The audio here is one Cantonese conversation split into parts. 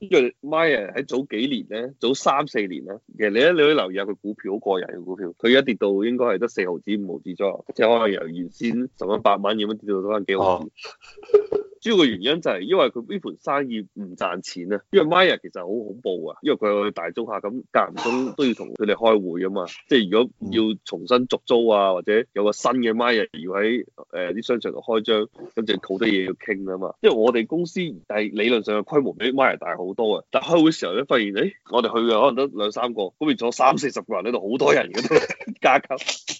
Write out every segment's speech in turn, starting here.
呢 m Myer 啊，喺、er, 早幾年咧，早三四年咧，其實你咧，你可以留意下佢股票好過癮嘅股票，佢而家跌到應該係得四毫紙五毫紙咗，即係可能由原先十蚊八蚊咁樣跌到得翻幾毫主要嘅原因就係因為佢呢盤生意唔賺錢啊，因為 Myer 其實好恐怖啊，因為佢去大租客咁間唔中都要同佢哋開會啊嘛，即係如果要重新續租啊，或者有個新嘅 Myer 要喺誒啲商場度開張，咁就好多嘢要傾啊嘛。因為我哋公司係理論上嘅規模比 Myer 大好多啊，但係開會時候咧發現，誒、哎、我哋去嘅可能得兩三個，嗰邊坐三四十個人喺度，好多人咁樣加溝。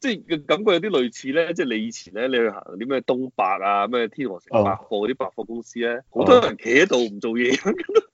即係嘅感覺有啲類似咧，即係你以前咧，你去行啲咩東百啊、咩天河城百貨嗰啲百貨公司咧，好 oh. 多人企喺度唔做嘢，啲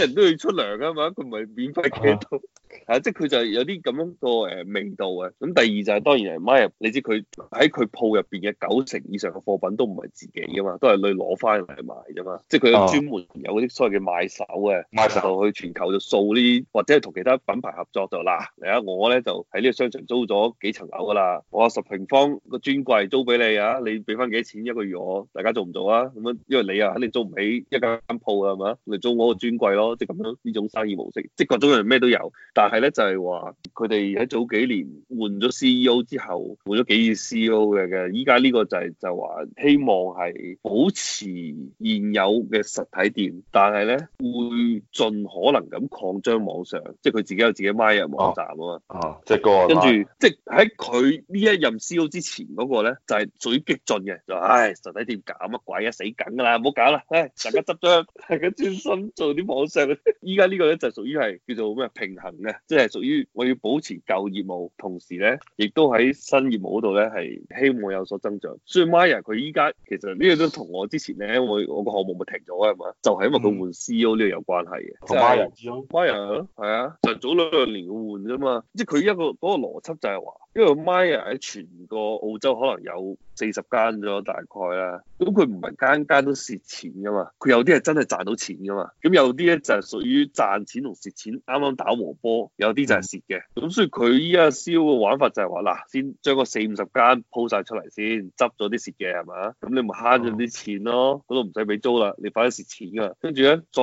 人都要出糧㗎嘛，佢唔係免費企喺度。Oh. 係、啊、即係佢就有啲咁樣個誒味道嘅。咁、啊、第二就係當然係買入，你知佢喺佢鋪入邊嘅九成以上嘅貨品都唔係自己嘅嘛，都係你攞翻嚟賣啫嘛。即係佢有專門有嗰啲所謂嘅買手嘅，賣手、啊、賣手去全球就掃呢啲，或者係同其他品牌合作就嗱嚟下我咧就喺呢個商場租咗幾層樓㗎啦，我話十平方個專櫃租俾你啊，你俾翻幾多錢一個月我？大家做唔做啊？咁樣因為你啊，肯定租唔起一間鋪啊，係咪？你租我個專櫃咯，即係咁樣呢種生意模式，即係各種人咩都有，但但係咧，就係話佢哋喺早幾年換咗 C E O 之後，換咗幾次 C E O 嘅。依家呢個就係、是、就話希望係保持現有嘅實體店，但係咧會盡可能咁擴張網上，即係佢自己有自己 Myer 網站啊。哦，即係跟住即係喺佢呢一任 C E O 之前嗰個咧，就係、是、最激進嘅，就唉、是哎、實體店搞乜鬼啊，死梗㗎啦，唔好搞啦！唉、哎，大家執張， 大家專心做啲網上。依家呢個咧就屬於係叫做咩平衡。平衡即係屬於我要保持舊業務，同時咧，亦都喺新業務嗰度咧，係希望有所增長。所以 Myra 佢依家其實呢個都同我之前咧，我我個項目咪停咗係嘛，就係、是、因為佢換 CEO 呢個有關係嘅。同 Myra CEO，Myra 係啊，就是、早兩年佢換啫嘛。即係佢一個嗰、那個邏輯就係話。因為 Myer 喺全個澳洲可能有四十間咗大概啦，咁佢唔係間間都蝕錢噶嘛，佢有啲係真係賺到錢噶嘛，咁有啲咧就係屬於賺錢同蝕錢啱啱打和波，有啲就係蝕嘅，咁所以佢依家燒嘅玩法就係話嗱，先將個四五十間鋪晒出嚟先，執咗啲蝕嘅係嘛，咁你咪慳咗啲錢咯，嗰度唔使俾租啦，你快啲蝕錢噶，跟住咧再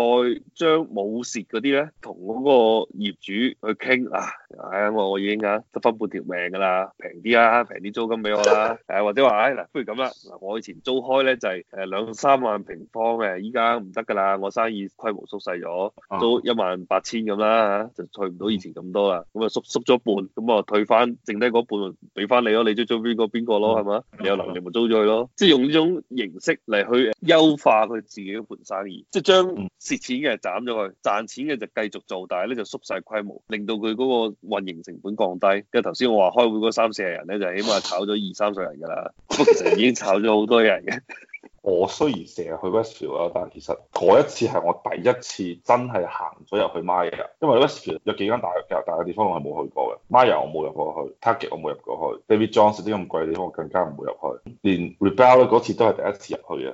將冇蝕嗰啲咧同嗰個業主去傾啊。哎呀我我已經啊執翻半條命㗎啦～啊，平啲啦，平啲租金俾我啦，誒、啊、或者話，哎嗱，不如咁啦，嗱我以前租開咧就係誒兩三萬平方嘅，依家唔得噶啦，我生意規模縮細咗，都一萬八千咁啦吓，就退唔到以前咁多啦，咁啊縮縮咗一半，咁啊退翻，剩低嗰半，俾翻你誰誰咯，你再租邊個邊個咯，係嘛？你有能力咪租咗佢咯，即係用呢種形式嚟去優化佢自己嘅盤生意，即係將蝕錢嘅斬咗佢，賺錢嘅就繼續做大，係咧就縮細規模，令到佢嗰個運營成本降低。跟住頭先我話開。去嗰三四人咧，就起碼炒咗二三十人㗎喇。我其實已經炒咗好多人嘅。 我雖然成日去 Westfield，但係其實嗰一次係我第一次真係行咗入去 Myer 嘅。因為 Westfield 有幾間大嘅，但係有地方我係冇去過嘅。Myer 我冇入過去，Target 我冇入過去。David Jones 啲咁貴地方我更加唔會入去。連 Rebel 咧嗰次都係第一次入去嘅。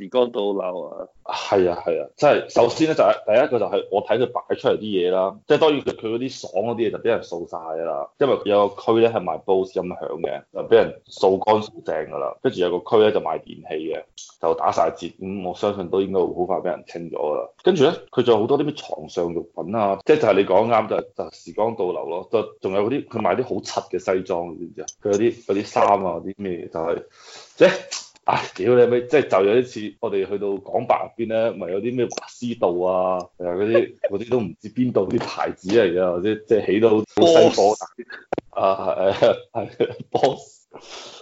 時光倒流啊！係啊係啊，即係、啊、首先咧就係第一個就係我睇佢擺出嚟啲嘢啦，即係當然佢佢嗰啲爽嗰啲嘢就俾人掃曬啦，因為佢有個區咧係賣 Bose 音響嘅，就俾人掃乾掃淨噶啦，跟住有個區咧就賣電器嘅，就打晒折，咁、嗯、我相信都應該會好快俾人清咗啦。跟住咧，佢仲有好多啲咩牀上用品啊，即係就係你講啱，就就是、時光倒流咯。就仲有嗰啲佢賣啲好柒嘅西裝，你知唔知啊？佢有啲啲衫啊，啲咩就係即。唉，屌你咪，即係就有一次，我哋去到廣百入邊咧，咪有啲咩華師道啊，誒嗰啲啲都唔知邊度啲牌子嚟嘅或者即係起到好好犀啊！係誒係，Boss，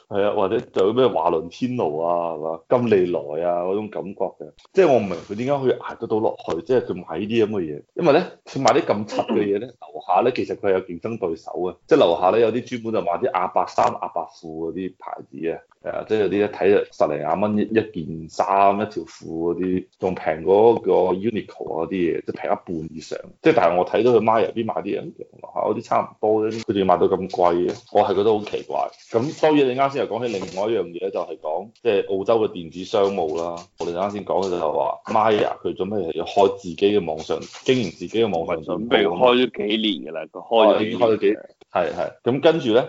係啊，或者仲、啊、有咩華倫天奴啊，係嘛，金利來啊嗰種感覺嘅，即係我唔明佢點解可以捱得到落去，即係佢賣呢啲咁嘅嘢，因為咧佢賣啲咁柒嘅嘢咧，樓下咧其實佢係有競爭對手啊，即係樓下咧有啲專門就賣啲阿伯衫、阿伯褲嗰啲牌子啊。係啊，即係啲一睇啊十零廿蚊一一件衫一條褲嗰啲，仲平過個 Uniqlo 嗰啲嘢，即係平一半以上。即係但係我睇到佢 Myer 入邊買啲嘢，好似嗰啲差唔多咧，佢哋賣到咁貴嘅，我係覺得好奇怪。咁所以你啱先又講起另外一樣嘢，就係講即係澳洲嘅電子商務啦。我哋啱先講嘅就係話 Myer 佢準備要開自己嘅網上，經營自己嘅網上店，準備開咗幾年嘅啦，佢開咗、哎、已經開咗幾年，係係咁跟住咧。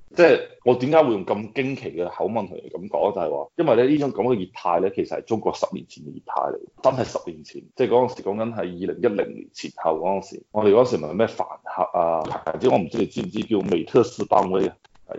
即係、就是、我點解會用咁驚奇嘅口吻同你咁講？就係、是、話，因為咧呢種咁嘅熱態咧，其實係中國十年前嘅熱態嚟。真係十年前，即係嗰陣時講緊係二零一零年前後嗰陣時，我哋嗰陣時咪咩凡客啊牌子，我唔知你知唔知叫美特斯邦威啊。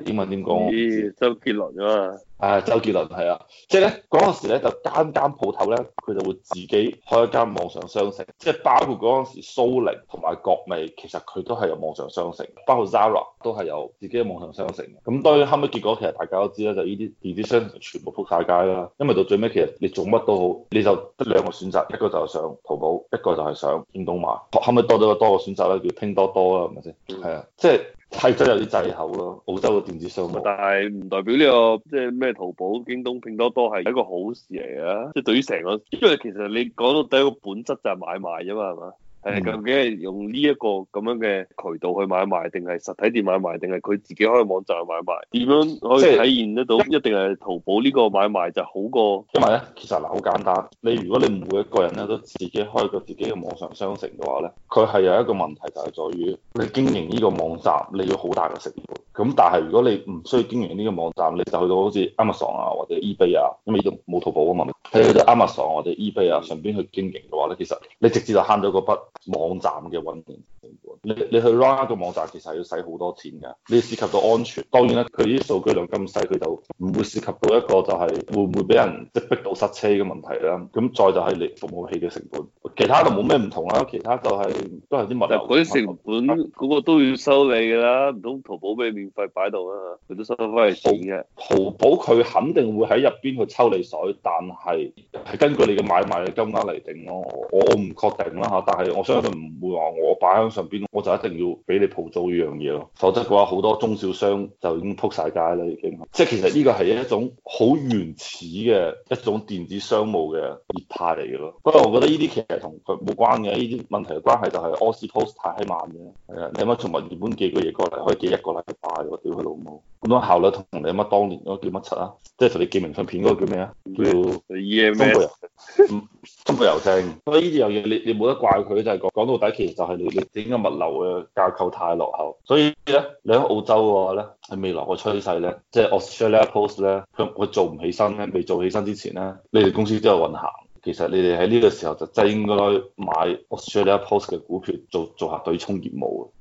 英文點講？咦，周杰倫啊嘛。哎，周杰倫係啊，即係咧嗰陣時咧，就間間鋪頭咧，佢就會自己開一間網上商城，即係包括嗰陣時蘇寧同埋國美，其實佢都係有網上商城，包括 Zara 都係有自己嘅網上商城，咁當然後尾結果其實大家都知啦，就呢啲 e-commerce 全部撲晒街啦。因為到最尾其實你做乜都好，你就得兩個選擇，一個就係上淘寶，一個就係上京東買。後尾多咗個多個選擇咧，叫拼多多啦，係咪先？係啊，即係。嗯係真有啲滯口咯，澳洲嘅電子商務，但係唔代表呢、這個即係咩？就是、淘寶、京東、拼多多係一個好事嚟啊！即、就、係、是、對於成個，因為其實你講到第一個本質就係買賣啫嘛，係嘛？係究竟係用呢一個咁樣嘅渠道去買賣，定係實體店買賣，定係佢自己開網站買賣？點樣可以體現得到？一定係淘寶呢個買賣就好過。因為咧，其實嗱好簡單。你如果你每一個人咧都自己開個自己嘅網上商城嘅話咧，佢係有一個問題就係在於，你經營呢個網站，你要好大嘅成本。咁但係如果你唔需要經營呢個網站，你就去到好似 Amazon 啊或者 eBay 啊，因為都冇淘寶啊嘛，去到 Amazon 或者 eBay 啊上邊去經營嘅話咧，其實你直接就慳咗嗰筆網站嘅穩定成本。你你去 run 一個網站其實係要使好多錢㗎，你要涉及到安全，當然啦，佢啲數據量咁細，佢就唔會涉及到一個就係會唔會俾人即逼到塞車嘅問題啦。咁再就係你服務器嘅成本。其他就冇咩唔同啦、啊，其他就係、是、都係啲物流。嗰啲成本嗰個都要收你㗎啦，唔通淘寶俾免費擺度啊？佢都收得翻嚟錢嘅。淘寶佢肯定會喺入邊去抽你水，但係係根據你嘅買賣嘅金額嚟定咯。我我唔確定啦嚇，但係我相信唔會話我擺喺上邊，我就一定要俾你鋪租呢樣嘢咯。否則嘅話，好多中小商就已經撲晒街啦已經。即係其實呢個係一種好原始嘅一種電子商務嘅業態嚟嘅咯。不過我覺得呢啲其實～同佢冇關嘅，呢啲問題嘅關係就係 Australia Post 太閪慢嘅，係啊，你乜媽從文件本寄個嘢過嚟可以寄一個禮拜喎，屌佢老母，咁多效率同你乜媽當年嗰叫乜柒啊？即係同你寄明信片嗰個叫咩啊？叫中國郵政， 中國郵政。所以呢啲嘢你你冇得怪佢，就係、是、講講到底，其實就係你你點解物流嘅架構太落後。所以咧，你喺澳洲嘅話咧，喺未來個趨勢咧，即係 Australia Post 咧，佢佢做唔起身咧，未做起身之前咧，你哋公司都有運行。其實你哋喺呢個時候就真應該買 Australia Post 嘅股票做做下對沖業務。